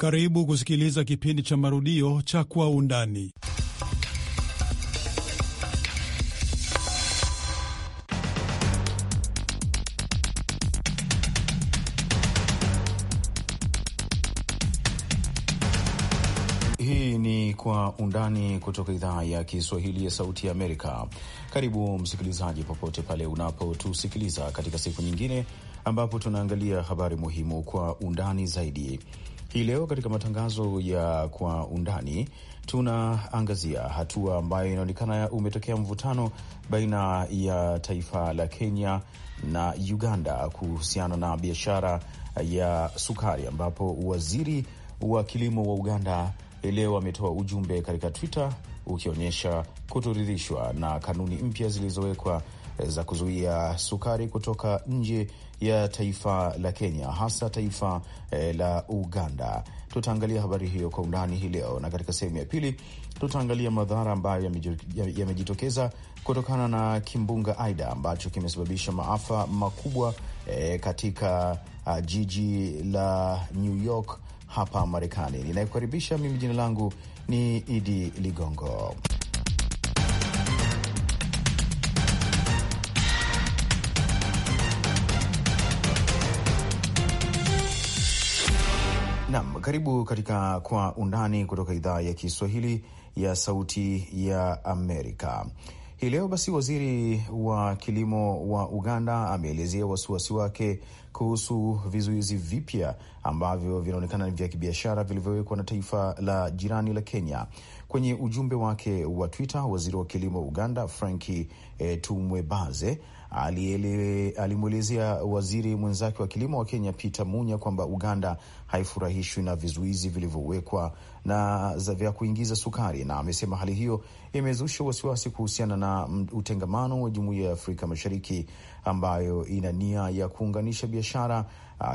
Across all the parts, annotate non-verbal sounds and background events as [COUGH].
Karibu kusikiliza kipindi cha marudio cha Kwa Undani. Hii ni Kwa Undani kutoka idhaa ya Kiswahili ya Sauti ya Amerika. Karibu msikilizaji, popote pale unapotusikiliza katika siku nyingine ambapo tunaangalia habari muhimu kwa undani zaidi. Hii leo katika matangazo ya kwa undani tunaangazia hatua ambayo inaonekana umetokea mvutano baina ya taifa la Kenya na Uganda kuhusiana na biashara ya sukari, ambapo waziri wa kilimo wa Uganda leo ametoa ujumbe katika Twitter ukionyesha kutoridhishwa na kanuni mpya zilizowekwa za kuzuia sukari kutoka nje ya taifa la Kenya, hasa taifa eh, la Uganda. Tutaangalia habari hiyo kwa undani hii leo, na katika sehemu ya pili tutaangalia madhara ambayo yamejitokeza kutokana na kimbunga Aida ambacho kimesababisha maafa makubwa eh, katika uh, jiji la New York hapa Marekani. Ninayekukaribisha mimi, jina langu ni Idi Ligongo. Karibu katika Kwa Undani kutoka idhaa ya Kiswahili ya Sauti ya Amerika. Hii leo basi, waziri wa kilimo wa Uganda ameelezea wasiwasi wake kuhusu vizuizi vipya ambavyo vinaonekana ni vya kibiashara vilivyowekwa na taifa la jirani la Kenya. Kwenye ujumbe wake wa Twitter, waziri wa kilimo Uganda Franki e, eh, Tumwebaze alimwelezea waziri mwenzake wa kilimo wa Kenya Peter Munya kwamba Uganda haifurahishwi na vizuizi vilivyowekwa na za vya kuingiza sukari, na amesema hali hiyo imezusha wasiwasi kuhusiana na utengamano wa jumuiya ya Afrika Mashariki ambayo ina nia ya kuunganisha biashara.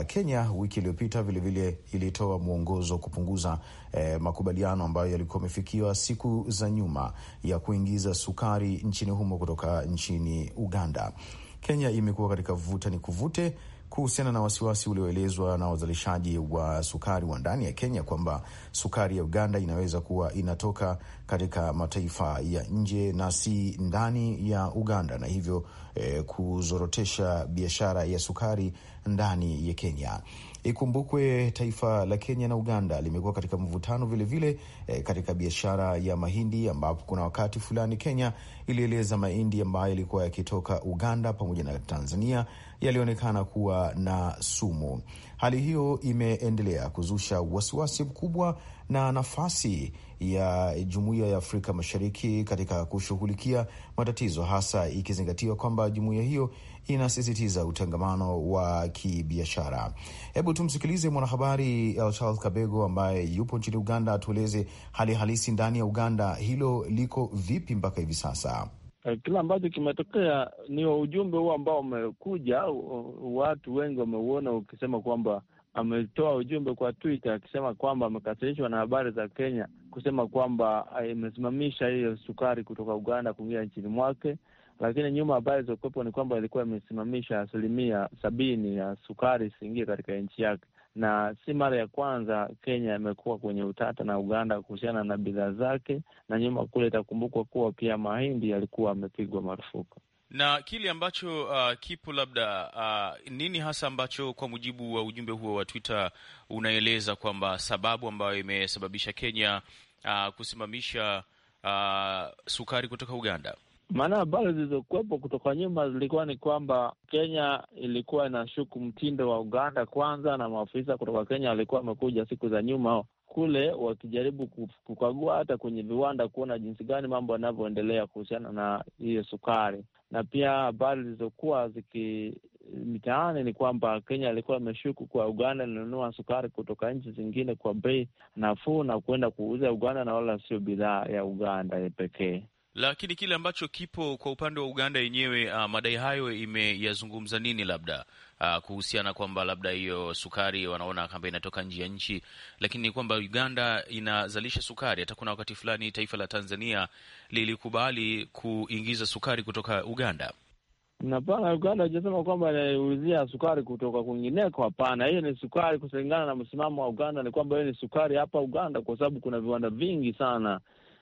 Kenya wiki iliyopita vilevile ilitoa mwongozo kupunguza eh, makubaliano ambayo yalikuwa amefikiwa siku za nyuma ya kuingiza sukari nchini humo kutoka nchini Uganda. Kenya imekuwa katika vuta ni kuvute kuhusiana na wasiwasi ulioelezwa na wazalishaji wa sukari wa ndani ya Kenya kwamba sukari ya Uganda inaweza kuwa inatoka katika mataifa ya nje na si ndani ya Uganda na hivyo eh, kuzorotesha biashara ya sukari ndani ya Kenya. Ikumbukwe taifa la Kenya na Uganda limekuwa katika mvutano vilevile vile, e, katika biashara ya mahindi ambapo kuna wakati fulani Kenya ilieleza mahindi ambayo yalikuwa yakitoka Uganda pamoja na Tanzania yalionekana kuwa na sumu. Hali hiyo imeendelea kuzusha wasiwasi mkubwa na nafasi ya Jumuiya ya Afrika Mashariki katika kushughulikia matatizo, hasa ikizingatiwa kwamba jumuiya hiyo inasisitiza utangamano wa kibiashara. Hebu tumsikilize mwanahabari Charles Kabego ambaye yupo nchini Uganda, atueleze hali halisi ndani ya Uganda, hilo liko vipi mpaka hivi sasa? Eh, kila ambacho kimetokea ni ujumbe huo ambao umekuja, watu wengi wameuona ukisema kwamba ametoa ujumbe kwa Twitter akisema kwamba amekasirishwa na habari za Kenya kusema kwamba eh, imesimamisha hiyo sukari kutoka Uganda kuingia nchini mwake, lakini nyuma habari zilizokuwepo ni kwamba ilikuwa imesimamisha asilimia sabini ya sukari isiingie katika nchi yake na si mara ya kwanza Kenya imekuwa kwenye utata na Uganda kuhusiana na bidhaa zake, na nyuma kule itakumbukwa kuwa pia mahindi yalikuwa amepigwa marufuku na kile ambacho uh, kipo labda uh, nini hasa ambacho kwa mujibu wa ujumbe huo wa Twitter unaeleza kwamba sababu ambayo imesababisha Kenya uh, kusimamisha uh, sukari kutoka Uganda? Maana habari zilizokuwepo kutoka nyuma zilikuwa ni kwamba Kenya ilikuwa inashuku mtindo wa Uganda kwanza, na maafisa kutoka Kenya walikuwa wamekuja siku za nyuma kule wakijaribu kukagua hata kwenye viwanda kuona jinsi gani mambo yanavyoendelea kuhusiana na hiyo sukari. Na pia habari zilizokuwa ziki mitaani ni kwamba Kenya ilikuwa imeshuku kwa Uganda inanunua sukari kutoka nchi zingine kwa bei nafuu na kuenda kuuza Uganda, na wala sio bidhaa ya Uganda pekee. Lakini kile ambacho kipo kwa upande wa Uganda yenyewe, uh, madai hayo imeyazungumza nini, labda uh, kuhusiana kwamba labda hiyo sukari wanaona kwamba inatoka nje ya nchi, lakini kwamba Uganda inazalisha sukari. Hata kuna wakati fulani taifa la Tanzania lilikubali kuingiza sukari kutoka Uganda. Hapana, Uganda hujasema kwamba inaiuzia sukari kutoka kwingineko. Hapana, hiyo ni sukari, kulingana na msimamo wa Uganda ni kwamba hiyo ni sukari hapa Uganda, kwa sababu kuna viwanda vingi sana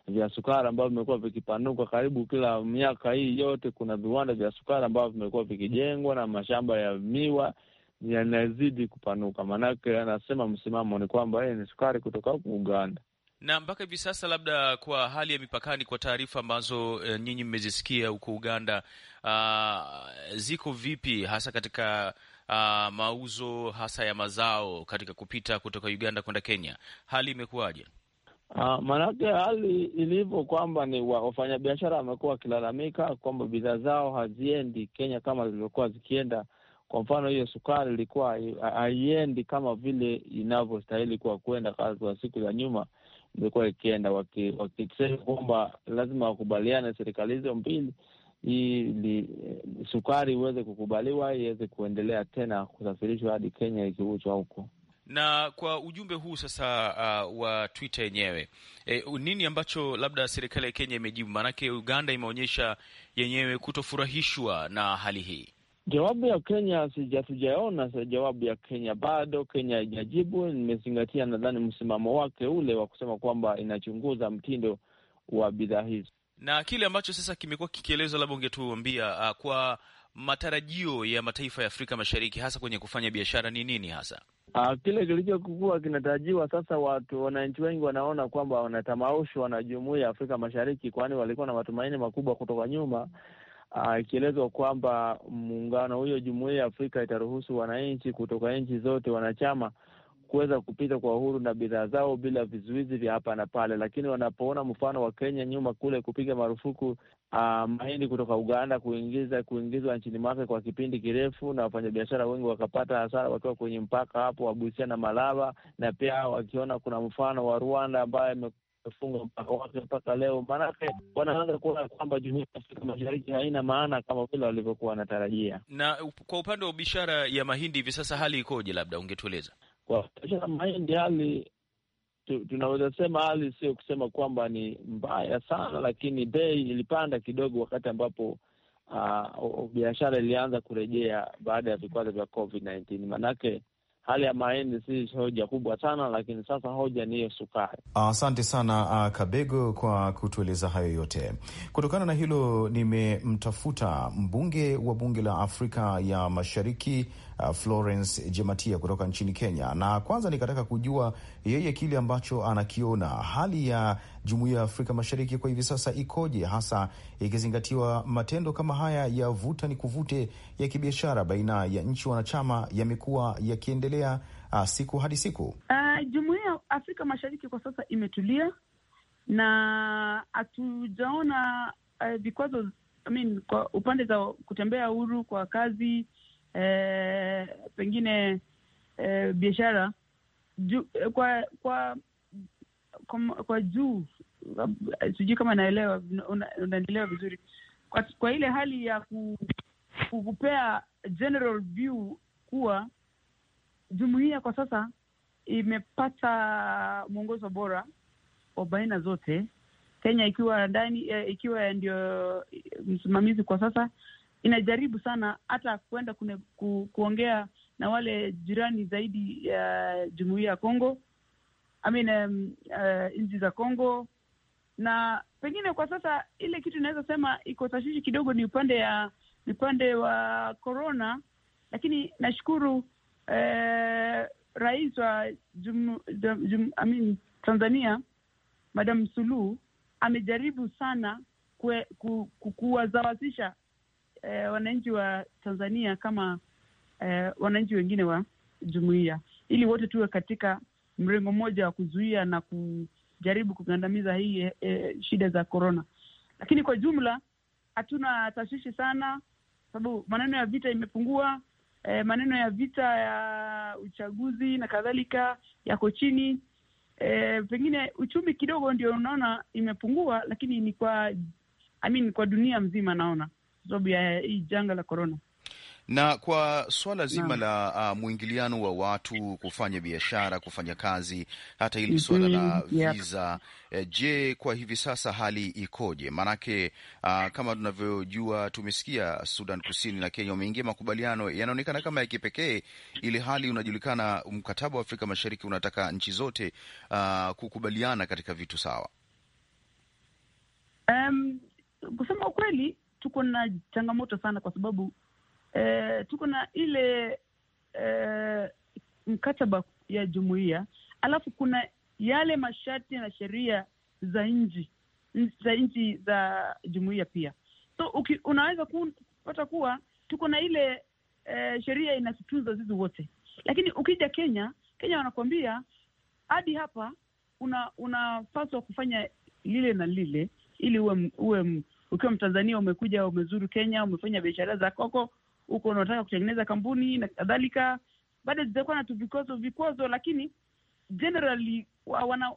vya sukari ambavyo vimekuwa vikipanuka karibu kila miaka hii yote. Kuna viwanda vya sukari ambavyo vimekuwa vikijengwa na mashamba ya miwa yanazidi kupanuka. Maanake anasema msimamo ni kwamba yeye ni sukari kutoka huku Uganda na mpaka hivi sasa, labda kwa hali ya mipakani, kwa taarifa ambazo e, nyinyi mmezisikia huko Uganda, a, ah, ziko vipi hasa katika a, ah, mauzo hasa ya mazao katika kupita kutoka Uganda kwenda Kenya, hali imekuwaje? Uh, ah, maanake hali ilivyo kwamba ni wafanyabiashara wamekuwa wakilalamika kwamba bidhaa zao haziendi Kenya kama zilivyokuwa zikienda. Kwa mfano hiyo sukari ilikuwa haiendi kama vile inavyostahili kuwa kwenda, kwa siku za nyuma imekuwa ikienda, wakisema kwamba lazima wakubaliane serikali hizo mbili ili eh, sukari iweze kukubaliwa iweze kuendelea tena kusafirishwa hadi Kenya ikiuzwa huko. Na kwa ujumbe huu sasa uh, wa Twitter yenyewe e, nini ambacho labda serikali ya Kenya imejibu? Maanake Uganda imeonyesha yenyewe kutofurahishwa na hali hii. Jawabu ya Kenya sijatujaona, jawabu ya Kenya bado, Kenya haijajibu. Nimezingatia nadhani msimamo wake ule wa kusema kwamba inachunguza mtindo wa bidhaa hizo na kile ambacho sasa kimekuwa kikielezwa, labda ungetuambia uh, kwa matarajio ya mataifa ya Afrika Mashariki hasa kwenye kufanya biashara ni nini hasa? Uh, kile kilichokuwa kinatarajiwa sasa, watu wananchi wengi wanaona kwamba wanatamaushwa na jumuiya ya Afrika Mashariki, kwani walikuwa na matumaini makubwa kutoka nyuma, ah, ikielezwa uh, kwamba muungano huyo, jumuiya ya Afrika itaruhusu wananchi kutoka nchi zote wanachama kuweza kupita kwa uhuru na bidhaa zao bila vizuizi vya hapa na pale. Lakini wanapoona mfano wa Kenya nyuma kule kupiga marufuku uh, ah, mahindi kutoka Uganda kuingiza kuingizwa nchini mwake kwa kipindi kirefu, na wafanyabiashara wengi wakapata hasara wakiwa kwenye mpaka hapo wa Busia na Malaba, na pia wakiona kuna mfano wa Rwanda ambaye amefunga mpaka wake mpaka leo, maanake wanaanza kuona kwamba jumuiya ya Afrika Mashariki haina maana kama vile walivyokuwa wanatarajia. Na kwa upande wa biashara ya mahindi hivi sasa hali ikoje? Labda ungetueleza kwa biashara mahindi hali tu, tunaweza sema hali sio kusema kwamba ni mbaya sana, lakini bei ilipanda kidogo wakati ambapo uh, biashara ilianza kurejea baada ya vikwazo vya Covid 19 manake hali ya maendi si hoja kubwa sana lakini sasa hoja ni hiyo sukari. Asante sana Kabego kwa kutueleza hayo yote. Kutokana na hilo, nimemtafuta mbunge wa bunge la Afrika ya Mashariki Uh, Florence Jematia kutoka nchini Kenya, na kwanza nikataka kujua yeye kile ambacho anakiona hali ya jumuiya ya Afrika Mashariki kwa hivi sasa ikoje, hasa ikizingatiwa matendo kama haya ya vuta ni kuvute ya kibiashara baina ya nchi wanachama yamekuwa yakiendelea uh, siku hadi siku. Uh, jumuiya ya Afrika Mashariki kwa sasa imetulia na hatujaona uh, vikwazo uh, I mean, kwa upande za kutembea huru kwa kazi eh, pengine eh, biashara eh, kwa kwa kwa, kwa juu sijui kama naelewa, unaendelea vizuri kwa, kwa ile hali ya ku, kukupea general view kuwa jumuiya kwa sasa imepata mwongozo bora wa baina zote, Kenya ikiwa ndani, eh, ikiwa ndio eh, msimamizi kwa sasa, inajaribu sana hata kuenda kune, ku, kuongea na wale jirani zaidi ya uh, jumuia ya Kongo I mean, um, uh, nchi za Kongo na pengine kwa sasa ile kitu inaweza sema iko tashishi kidogo ni upande ya ni upande wa corona, lakini nashukuru eh, rais wa jum, jum, I mean, Tanzania Madam Suluhu amejaribu sana kuwazawazisha eh, wananchi wa Tanzania kama eh, wananchi wengine wa jumuiya, ili wote tuwe katika mrengo mmoja wa kuzuia na kujaribu kugandamiza hii eh, eh shida za korona. Lakini kwa jumla hatuna tashwishi sana, sababu maneno ya vita imepungua. Eh, maneno ya vita ya uchaguzi na kadhalika yako chini. Eh, pengine uchumi kidogo ndio unaona imepungua, lakini ni kwa I mean, kwa dunia mzima naona sababu ya hii janga la korona na kwa swala zima la uh, mwingiliano wa watu kufanya biashara, kufanya kazi, hata hili mm-hmm. swala la viza yep. Eh, je, kwa hivi sasa hali ikoje? Maanake uh, kama tunavyojua, tumesikia Sudan Kusini na Kenya wameingia makubaliano yanaonekana kama ya kipekee, ili hali unajulikana, mkataba wa Afrika Mashariki unataka nchi zote uh, kukubaliana katika vitu sawa. Um, kusema ukweli tuko na changamoto sana, kwa sababu eh, tuko na ile eh, mkataba ya jumuiya, alafu kuna yale masharti na sheria za nchi za nchi za jumuiya pia. So uki, unaweza kupata kuwa tuko na ile eh, sheria inatutunza sisi wote, lakini ukija Kenya, Kenya wanakuambia hadi hapa unapaswa una kufanya lile na lile ili uwe, uwe ukiwa Mtanzania umekuja umezuru Kenya, umefanya biashara za koko huko, unataka kutengeneza kampuni na kadhalika, bado zitakuwa na tu vikwazo vikwazo, lakini generally wa, wana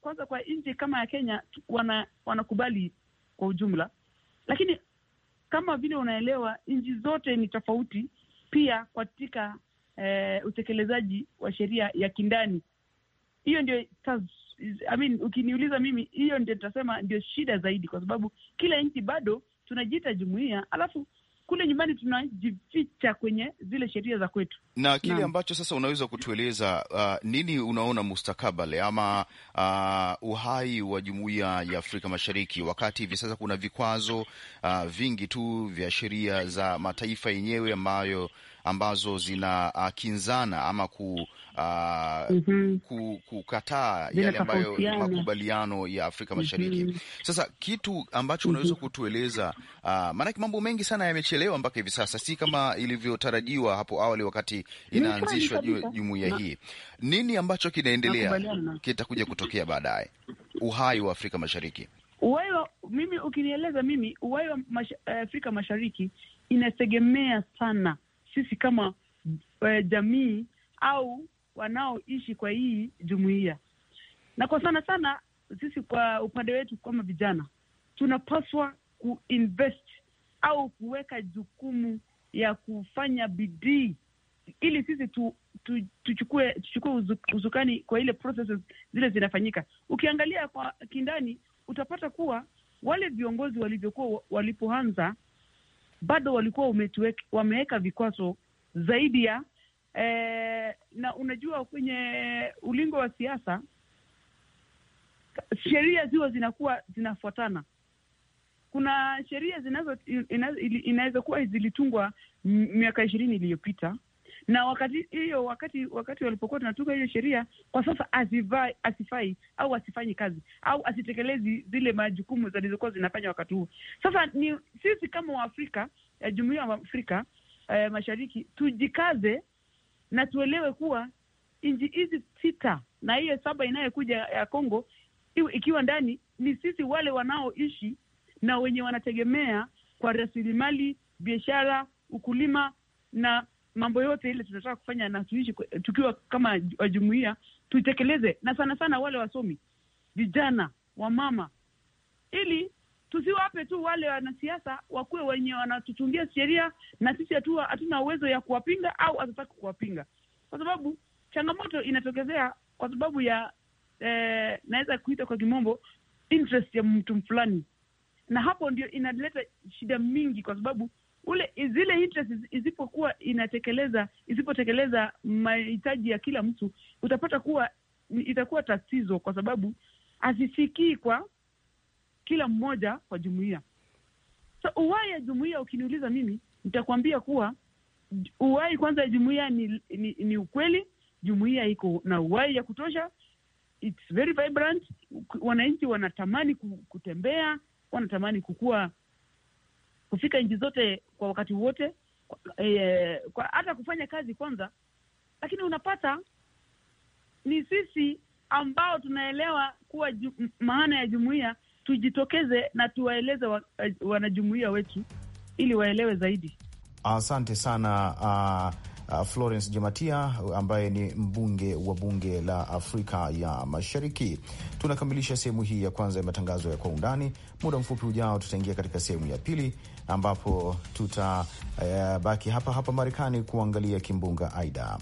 kwanza kwa nchi kama ya Kenya wana, wanakubali kwa ujumla, lakini kama vile unaelewa nchi zote ni tofauti pia katika eh, utekelezaji wa sheria ya kindani. Hiyo ndio I mean, ukiniuliza mimi, hiyo ndio tutasema ndio shida zaidi, kwa sababu kila nchi bado tunajiita jumuia alafu kule nyumbani tunajificha kwenye zile sheria za kwetu. Na kile na ambacho sasa unaweza kutueleza uh, nini unaona mustakabali ama uh, uhai wa jumuiya ya Afrika Mashariki, wakati hivi sasa kuna vikwazo uh, vingi tu vya sheria za mataifa yenyewe ambayo ambazo zinakinzana uh, ama ku uh, mm -hmm. kukataa yale ambayo ni makubaliano ya Afrika Mashariki. mm -hmm. Sasa kitu ambacho mm -hmm. unaweza mm-hmm. kutueleza uh, maanake mambo mengi sana yamechelewa mpaka hivi sasa, si kama ilivyotarajiwa hapo awali wakati inaanzishwa jumuiya hii. Nini ambacho kinaendelea kitakuja kutokea baadaye, uhai wa Afrika Mashariki? Uhai wa mimi, ukinieleza mimi, uhai wa mash, eh, Afrika Mashariki inategemea sana sisi kama e, jamii au wanaoishi kwa hii jumuiya, na kwa sana sana sisi kwa upande wetu kama vijana tunapaswa kuinvest au kuweka jukumu ya kufanya bidii ili sisi tu, tu, tuchukue tuchukue uzuk, uzukani kwa ile processes zile zinafanyika. Ukiangalia kwa kindani, utapata kuwa wale viongozi walivyokuwa walipoanza bado walikuwa wameweka vikwazo zaidi ya e, na unajua kwenye ulingo wa siasa sheria ziwa zinakuwa zinafuatana. Kuna sheria zinazo inaweza kuwa zilitungwa miaka ishirini iliyopita na wakati hiyo wakati wakati walipokuwa tunatunga hiyo sheria, kwa sasa asifai au asifanyi kazi au asitekelezi zile majukumu zilizokuwa zinafanya wakati huo. Sasa ni sisi kama Waafrika, eh, jumuiya ya Afrika eh, Mashariki, tujikaze na tuelewe kuwa nchi hizi sita na hiyo saba inayokuja ya Kongo ikiwa ndani, ni sisi wale wanaoishi na wenye wanategemea kwa rasilimali, biashara, ukulima na mambo yote ile tunataka kufanya na tuishi tukiwa kama jumuiya, tuitekeleze, na sana sana wale wasomi, vijana, wamama, ili tusiwape tu wale wanasiasa wakuwe wenye wanatutungia sheria, na sisi hatuna uwezo ya kuwapinga au hatataki kuwapinga, kwa sababu changamoto inatokezea kwa sababu ya eh, naweza kuita kwa kimombo interest ya mtu fulani, na hapo ndio inaleta shida mingi, kwa sababu ule zile interest isipokuwa inatekeleza isipotekeleza mahitaji ya kila mtu, utapata kuwa itakuwa tatizo, kwa hazifikii kwa kila mmoja kwa jumuia So, uhai ya jumuia ukiniuliza mimi nitakwambia kuwa uhai kwanza ya jumuia ni, ni, ni ukweli. jumuia iko na uwai ya kutosha, it's very vibrant. Wananchi wanatamani kutembea, wanatamani kukua, kufika nchi zote kwa wakati wote, eh, hata e, kufanya kazi kwanza. Lakini unapata ni sisi ambao tunaelewa kuwa ju, maana ya jumuiya tujitokeze na tuwaeleze wa, wanajumuia wetu ili waelewe zaidi. Asante sana uh, uh, Florence Jematia ambaye ni mbunge wa bunge la Afrika ya Mashariki. Tunakamilisha sehemu hii ya kwanza ya matangazo ya kwa undani. Muda mfupi ujao, tutaingia katika sehemu ya pili ambapo tutabaki uh, hapa hapa Marekani kuangalia kimbunga Aida.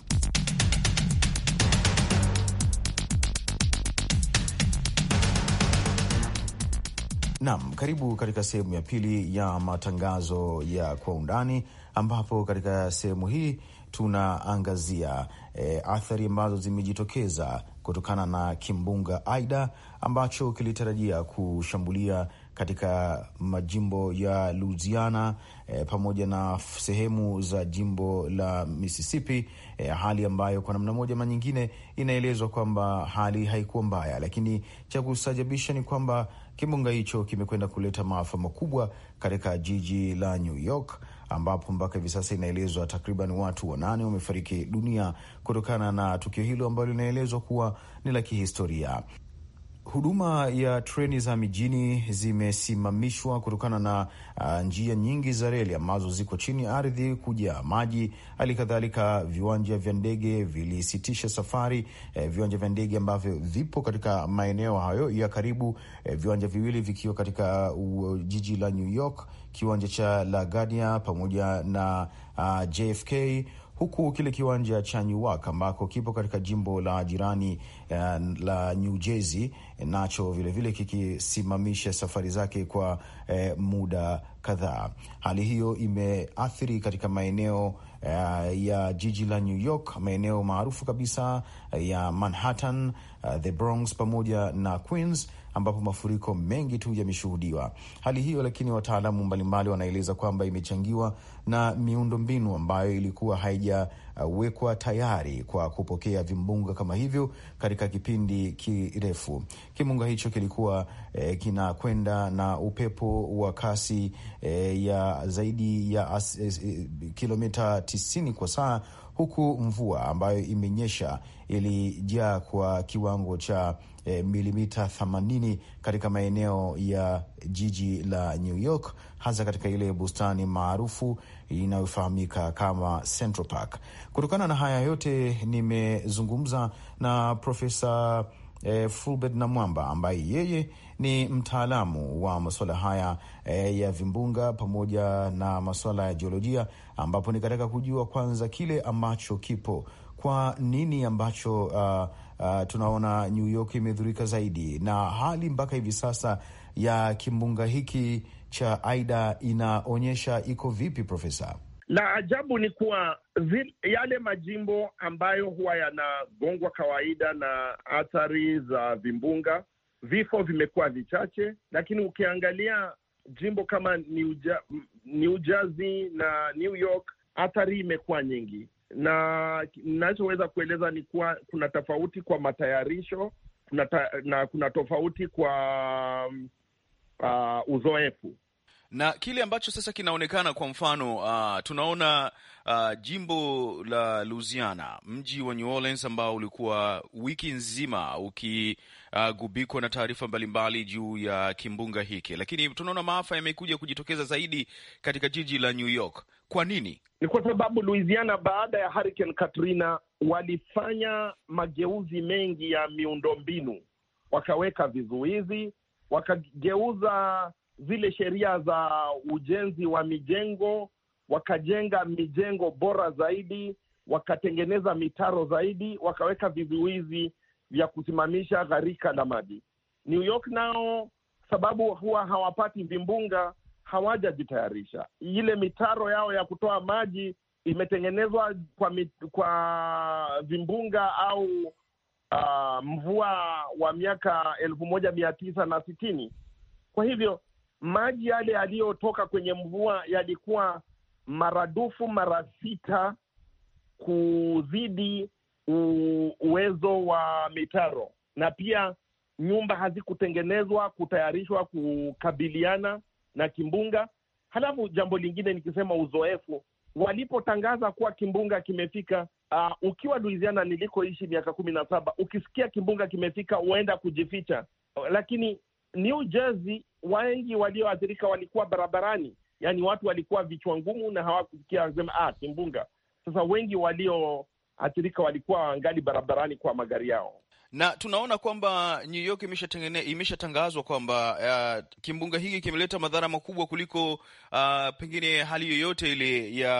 Naam, karibu katika sehemu ya pili ya matangazo ya kwa undani, ambapo katika sehemu hii tunaangazia e, athari ambazo zimejitokeza kutokana na kimbunga Aida ambacho kilitarajia kushambulia katika majimbo ya Louisiana e, pamoja na sehemu za jimbo la Mississippi e, hali ambayo kwa namna moja ama nyingine inaelezwa kwamba hali haikuwa mbaya, lakini cha kusajabisha ni kwamba Kimbunga hicho kimekwenda kuleta maafa makubwa katika jiji la New York ambapo mpaka hivi sasa inaelezwa takriban watu wanane wamefariki dunia kutokana na tukio hilo ambalo linaelezwa kuwa ni la kihistoria. Huduma ya treni za mijini zimesimamishwa kutokana na uh, njia nyingi za reli ambazo ziko chini ya ardhi kuja maji. Hali kadhalika viwanja vya ndege vilisitisha safari. Eh, viwanja vya ndege ambavyo vipo katika maeneo hayo ya karibu, eh, viwanja viwili vikiwa katika uh, jiji la New York, kiwanja cha LaGuardia pamoja na uh, ah, JFK huku kile kiwanja cha Newark ambako kipo katika jimbo la jirani uh, la New Jersey eh, nacho vilevile kikisimamisha safari zake kwa uh, muda kadhaa. Hali hiyo imeathiri katika maeneo Uh, ya jiji la New York, maeneo maarufu kabisa ya Manhattan, uh, the Bronx pamoja na Queens ambapo mafuriko mengi tu yameshuhudiwa. Hali hiyo lakini, wataalamu mbalimbali wanaeleza kwamba imechangiwa na miundombinu ambayo ilikuwa haijawekwa tayari kwa kupokea vimbunga kama hivyo katika kipindi kirefu. Kimbunga hicho kilikuwa eh, kinakwenda na upepo wa kasi eh, ya zaidi ya eh, eh, kilomita 90 kwa saa huku mvua ambayo imenyesha ilijaa kwa kiwango cha e, milimita 80 katika maeneo ya jiji la New York, hasa katika ile bustani maarufu inayofahamika kama Central Park. Kutokana na haya yote, nimezungumza na Profesa e, Fulbert na Mwamba ambaye yeye ni mtaalamu wa masuala haya e, ya vimbunga pamoja na masuala ya jiolojia, ambapo nikataka kujua kwanza kile ambacho kipo, kwa nini ambacho uh, uh, tunaona New York imedhurika zaidi na hali mpaka hivi sasa ya kimbunga hiki cha Aida inaonyesha iko vipi, Profesa? La ajabu ni kuwa yale majimbo ambayo huwa yanagongwa kawaida na athari za vimbunga, vifo vimekuwa vichache, lakini ukiangalia jimbo kama New Jersey na New York, athari imekuwa nyingi, na ninachoweza kueleza ni kuwa kuna tofauti kwa matayarisho kuna ta, na kuna tofauti kwa mm, uh, uzoefu na kile ambacho sasa kinaonekana kwa mfano uh, tunaona uh, jimbo la Louisiana, mji wa New Orleans ambao ulikuwa wiki nzima ukigubikwa uh, na taarifa mbalimbali juu ya kimbunga hiki, lakini tunaona maafa yamekuja kujitokeza zaidi katika jiji la New York. Kwa nini? Ni kwa sababu Louisiana, baada ya Hurricane Katrina, walifanya mageuzi mengi ya miundombinu, wakaweka vizuizi, wakageuza zile sheria za ujenzi wa mijengo, wakajenga mijengo bora zaidi, wakatengeneza mitaro zaidi, wakaweka vizuizi vya kusimamisha gharika la maji. New York nao sababu huwa hawapati vimbunga, hawajajitayarisha. Ile mitaro yao ya kutoa maji imetengenezwa kwa, mit, kwa vimbunga au uh, mvua wa miaka elfu moja mia tisa na sitini. Kwa hivyo maji yale yaliyotoka kwenye mvua yalikuwa maradufu mara sita kuzidi uwezo wa mitaro, na pia nyumba hazikutengenezwa kutayarishwa kukabiliana na kimbunga. Halafu jambo lingine nikisema uzoefu, walipotangaza kuwa kimbunga kimefika, uh, ukiwa Louisiana nilikoishi miaka kumi na saba, ukisikia kimbunga kimefika huenda kujificha, lakini New Jersey wengi walioathirika walikuwa barabarani, yaani watu walikuwa vichwa ngumu na hawakusikia wanasema ah, kimbunga. Sasa wengi walioathirika walikuwa wangali barabarani kwa magari yao na tunaona kwamba New York imeshatangazwa kwamba uh, kimbunga hiki kimeleta madhara makubwa kuliko uh, pengine hali yoyote ile ya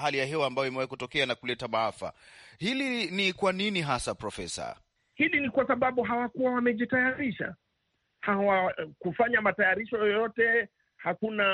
hali ya hewa ambayo imewahi kutokea na kuleta maafa. Hili ni kwa nini hasa, Profesa? Hili ni kwa sababu hawakuwa wamejitayarisha hawakufanya matayarisho yoyote, hakuna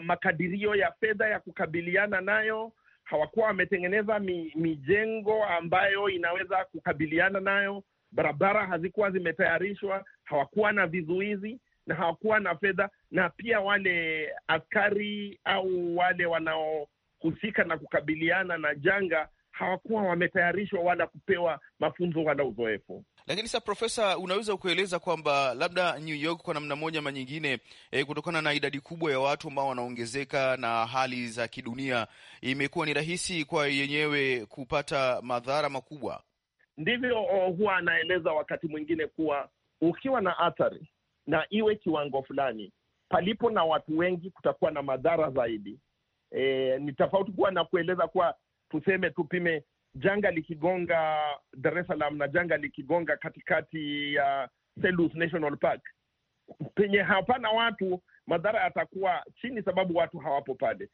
makadirio ya fedha ya kukabiliana nayo, hawakuwa wametengeneza mi, mijengo ambayo inaweza kukabiliana nayo, barabara hazikuwa zimetayarishwa, hawakuwa na vizuizi na hawakuwa na fedha, na pia wale askari au wale wanaohusika na kukabiliana na janga hawakuwa wametayarishwa wala kupewa mafunzo wala uzoefu. Lakini sasa, Profesa, unaweza kueleza kwamba labda New York kwa namna moja ama nyingine, e, kutokana na idadi kubwa ya watu ambao wanaongezeka na hali za kidunia, imekuwa ni rahisi kwa yenyewe kupata madhara makubwa? Ndivyo huwa anaeleza wakati mwingine kuwa ukiwa na athari na iwe kiwango fulani, palipo na watu wengi kutakuwa na madhara zaidi. E, ni tofauti kuwa na kueleza kuwa tuseme tupime janga likigonga Dar es Salaam na janga likigonga katikati ya uh, Selous National Park penye hapana watu, madhara yatakuwa chini, sababu watu hawapo pale.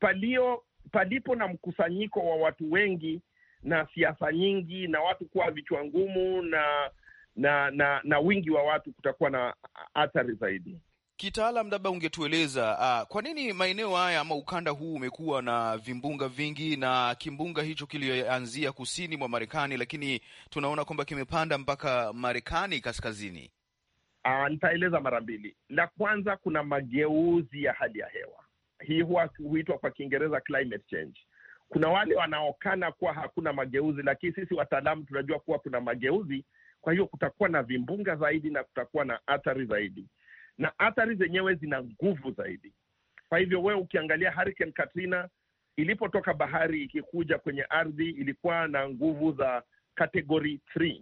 Palio palipo na mkusanyiko wa watu wengi na siasa nyingi na watu kuwa vichwa ngumu na na na na wingi wa watu, kutakuwa na athari zaidi. Kitaalam, labda ungetueleza uh, kwa nini maeneo haya ama ukanda huu umekuwa na vimbunga vingi, na kimbunga hicho kilianzia kusini mwa Marekani, lakini tunaona kwamba kimepanda mpaka Marekani kaskazini. Uh, nitaeleza mara mbili. La kwanza, kuna mageuzi ya hali ya hewa, hii huwa huitwa kwa Kiingereza climate change. Kuna wale wanaokana kuwa hakuna mageuzi, lakini sisi wataalamu tunajua kuwa kuna mageuzi. Kwa hiyo kutakuwa na vimbunga zaidi na kutakuwa na athari zaidi na athari zenyewe zina nguvu zaidi. Kwa hivyo wewe ukiangalia Hurricane Katrina ilipotoka bahari ikikuja kwenye ardhi ilikuwa na nguvu za category 3.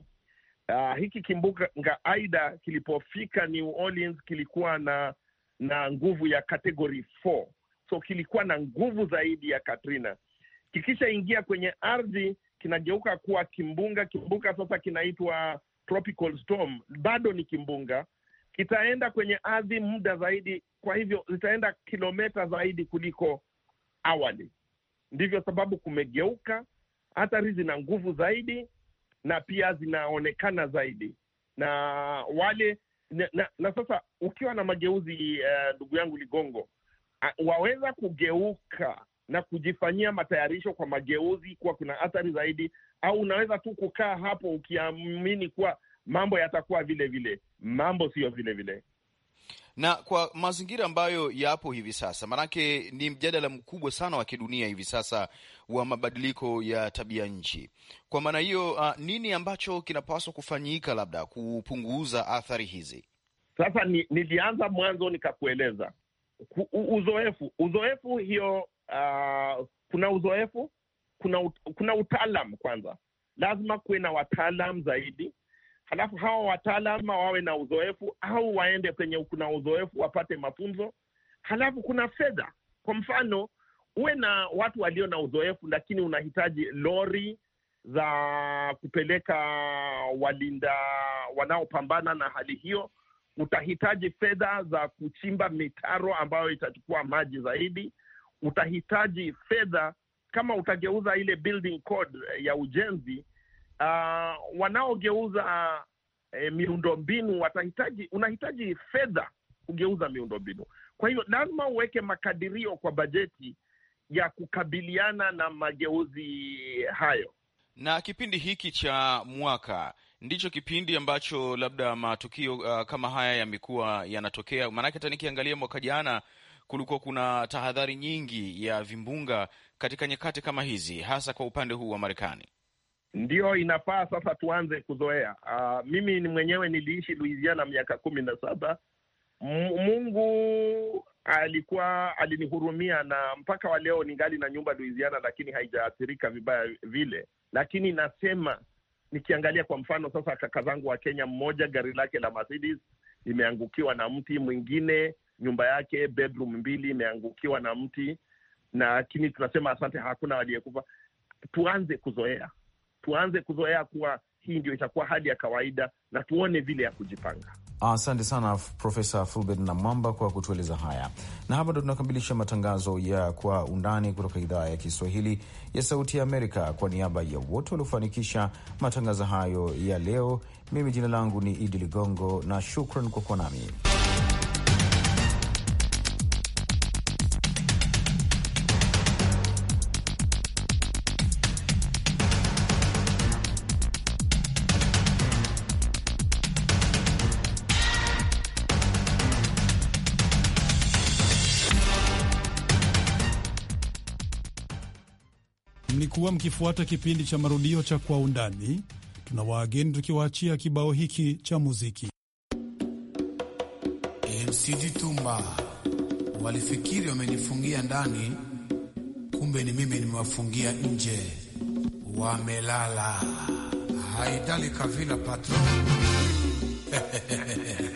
Uh, ah, hiki kimbunga Aida kilipofika New Orleans kilikuwa na na nguvu ya category 4, so kilikuwa na nguvu zaidi ya Katrina. Kikishaingia kwenye ardhi kinageuka kuwa kimbunga. Kimbunga sasa kinaitwa tropical storm, bado ni kimbunga kitaenda kwenye ardhi muda zaidi, kwa hivyo zitaenda kilometa zaidi kuliko awali. Ndivyo sababu kumegeuka, athari zina nguvu zaidi na pia zinaonekana zaidi na wale na, na, na sasa ukiwa na mageuzi eh, ndugu uh, yangu Ligongo uh, waweza kugeuka na kujifanyia matayarisho kwa mageuzi kuwa kuna athari zaidi, au unaweza tu kukaa hapo ukiamini kuwa mambo yatakuwa vile vile, mambo siyo vile vile na kwa mazingira ambayo yapo hivi sasa, maanake ni mjadala mkubwa sana wa kidunia hivi sasa wa mabadiliko ya tabia nchi. Kwa maana hiyo, uh, nini ambacho kinapaswa kufanyika labda kupunguza athari hizi? Sasa ni, nilianza mwanzo nikakueleza uzoefu, uzoefu hiyo, uh, kuna uzoefu, kuna, kuna utaalam. Kwanza lazima kuwe na wataalam zaidi halafu hawa wataalam wawe na uzoefu au waende kwenye kuna uzoefu wapate mafunzo. Halafu kuna fedha. Kwa mfano, uwe na watu walio na uzoefu, lakini unahitaji lori za kupeleka walinda wanaopambana na hali hiyo. Utahitaji fedha za kuchimba mitaro ambayo itachukua maji zaidi. Utahitaji fedha kama utageuza ile building code ya ujenzi uh, wanaogeuza uh, eh, miundo mbinu watahitaji, unahitaji fedha kugeuza miundo mbinu. Kwa hiyo lazima uweke makadirio kwa bajeti ya kukabiliana na mageuzi hayo, na kipindi hiki cha mwaka ndicho kipindi ambacho labda matukio uh, kama haya yamekuwa yanatokea. Maanake hata nikiangalia mwaka jana kulikuwa kuna tahadhari nyingi ya vimbunga katika nyakati kama hizi, hasa kwa upande huu wa Marekani ndio inafaa sasa tuanze kuzoea. Uh, mimi mwenyewe niliishi Louisiana miaka kumi na saba. Mungu alikuwa alinihurumia, na mpaka wa leo ningali na nyumba Louisiana, lakini haijaathirika vibaya vile. Lakini nasema nikiangalia kwa mfano sasa, kaka zangu wa Kenya, mmoja gari lake la Mercedes imeangukiwa na mti, mwingine nyumba yake bedroom mbili imeangukiwa na mti, lakini tunasema asante, hakuna waliyekufa. Tuanze kuzoea tuanze kuzoea kuwa hii ndio itakuwa hali ya kawaida na tuone vile ya kujipanga. Asante sana Profesa Fulbert na Mwamba kwa kutueleza haya, na hapa ndo tunakamilisha matangazo ya Kwa Undani kutoka idhaa ya Kiswahili ya Sauti ya Amerika. Kwa niaba ya wote waliofanikisha matangazo hayo ya leo, mimi jina langu ni Idi Ligongo na shukran kwa kuwa nami. mlikuwa mkifuata kipindi cha marudio cha Kwa Undani. Tuna waageni tukiwaachia kibao hiki cha muziki. MCG walifikiri wamenifungia ndani, kumbe ni mimi nimewafungia nje, wamelala. Haidali kavila patron [LAUGHS]